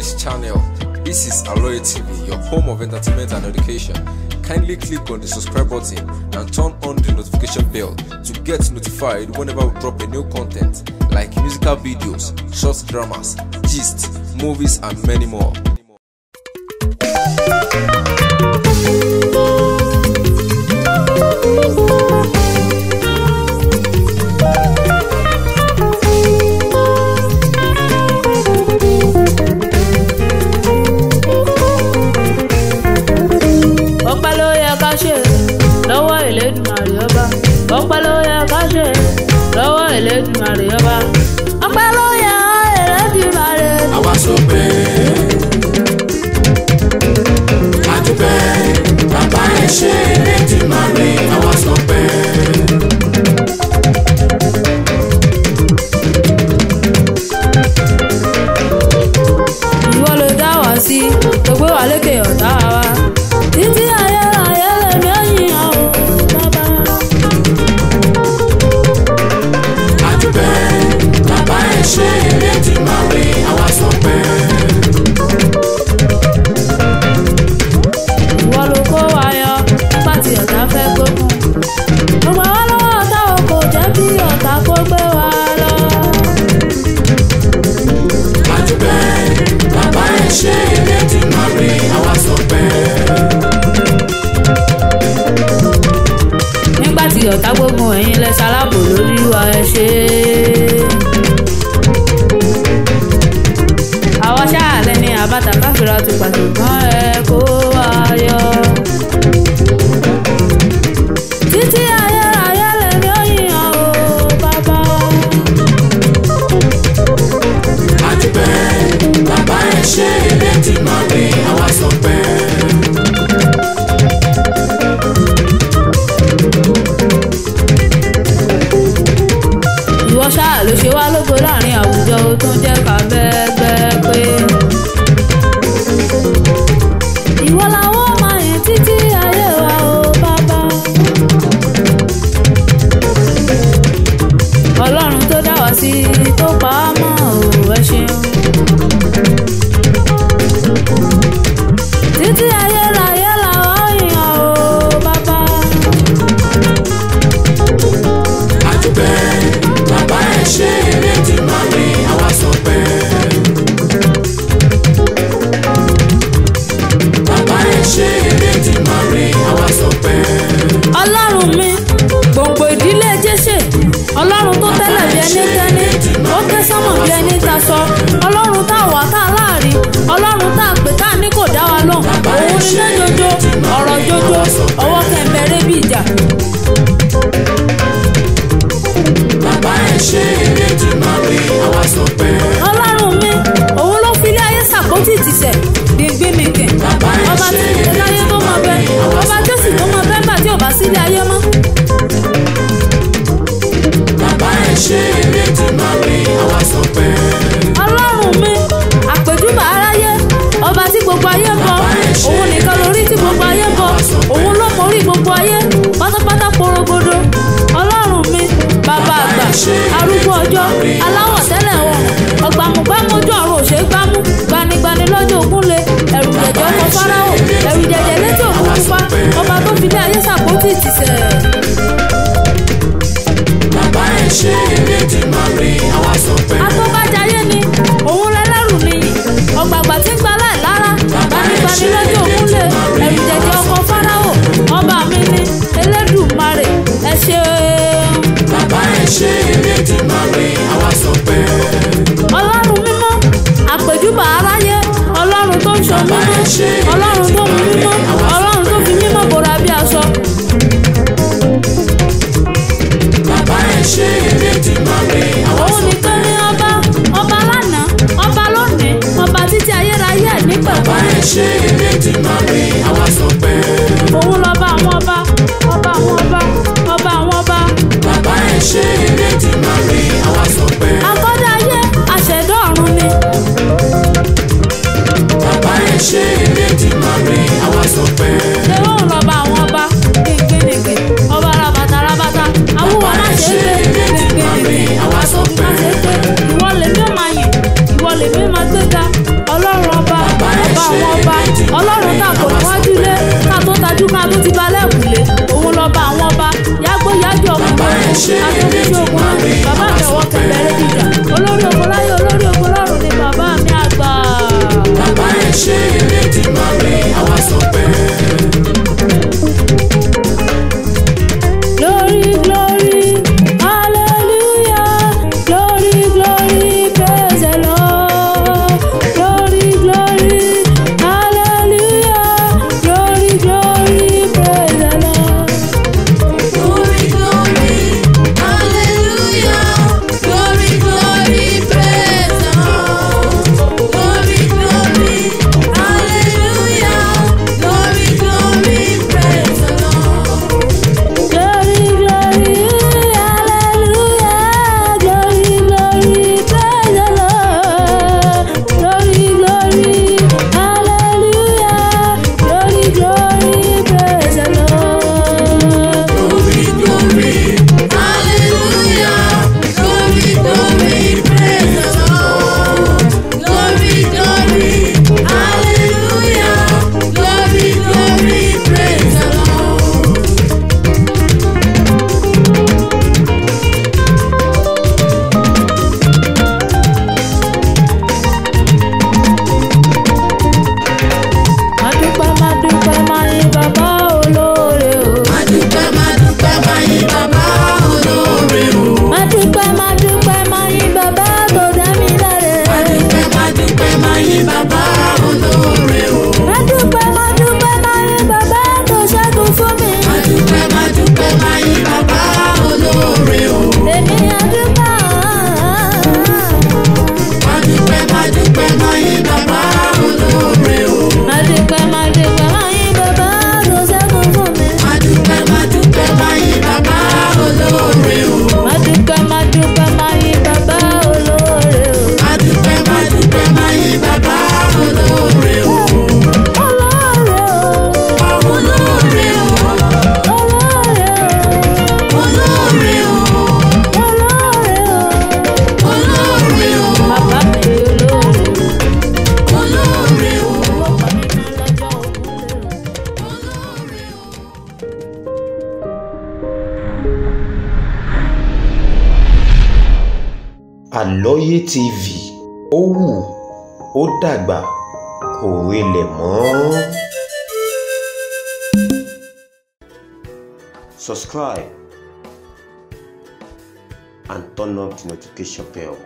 English channel. This is Aloe TV, your home of entertainment and education. Kindly click on the subscribe button and turn on the notification bell to get notified whenever we drop a new content like musical videos, short dramas, gist, movies, and many more. so big. Sàkáfìrà ti pàṣẹ gan-an. sope Àlọ́yé TV ó wù ó dàgbà kò relẹ̀ mọ́. Subscribe and turn on the notification bell.